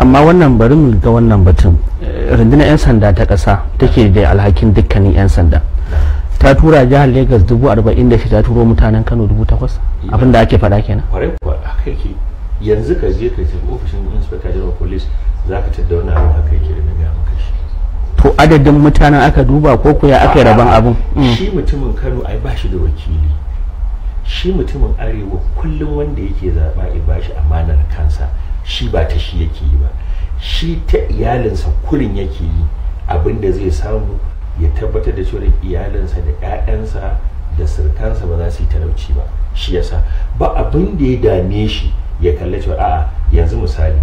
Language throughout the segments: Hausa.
amma wannan bari mu ga wannan batun eh, rundunar 'yan sanda ta ƙasa take da alhakin dukkanin 'yan sanda ta tura jihar lagos dubu arba'in da ta turo mutanen kano dubu takwas abinda ake faɗa kenan yanzu ka je ka tafi ofishin inspector general police za ka tadda wani abin haka yake da gaya maka shi to adadin mutanen aka duba ko kuya aka yi rabon abin mm. shi mutumin kano ai ba shi da wakili shi mutumin arewa kullum wanda yake zaɓa ya ba shi amanar kansa shi ba ta shi yake yi ba shi ta iyalinsa kurin yake yi abin da zai samu ya tabbatar da cewa iyalinsa da ƴaƴansa da sirkansa ba za su yi talauci ba shi yasa ba abin da ya dame shi ya kalli cewa a'a yanzu misali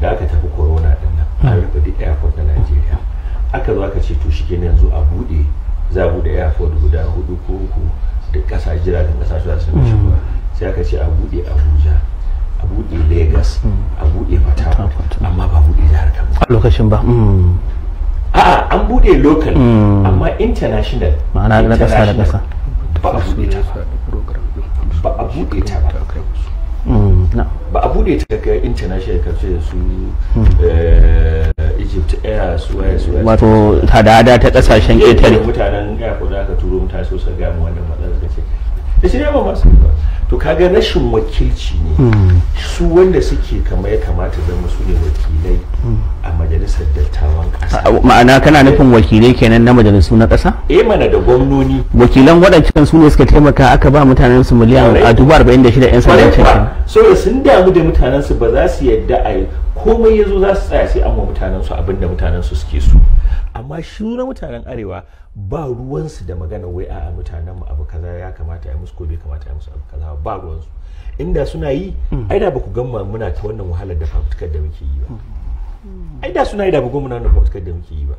da aka tafi corona din nan a hmm. rufe duk airport na Najeriya aka zo aka ce to shi kenan yanzu a bude za a bude airport guda hudu ko uku da kasa jiragen kasashe za su ba hmm. sai aka ce a bude Abuja Legas hmm. a buɗe mata amma ba buɗe jihar Kano a lokacin ba hmm. Hmm. a'a an buɗe local amma international ma'ana na ƙasa da ƙasa ba a buɗe ta ba a buɗe ta ba ba a buɗe ta ga international kafe su eh, egypt air su waye su waye wato hada-hada ta ƙasashen ƙetare mutanen ya ko za ka turo mutane so su gaya mu wannan matsalar da ce da shi ne ba masu ba to kaga rashin wakilci ne hmm. su wanda suke kama ya kamata zama su ne wakilai a majalisar dattawan kasa ma'ana kana eh. nufin wakilai kenan na majalisu na kasa? eh mana da gwamnoni wakilan waɗancan su ne suka taimaka aka ba mutanen su miliyan a dubu arba'in da shida yan sandan cikin so sun damu da mutanen su ba za su yadda a komai ya zo za su tsaya sai an wa mutanen su abin da mutanen su suke so amma na mutanen arewa ba ruwansu da magana wai a mutanenmu abu kaza ya kamata ya musu ko bai kamata ya musu abu kaza ba ruwansu inda suna yi hmm. ai da baku gamma muna ta wannan wahalar da fafutukar da muke yi ba hmm. ai da suna yi da baku gamma muna wannan fafutukar da muke yi ba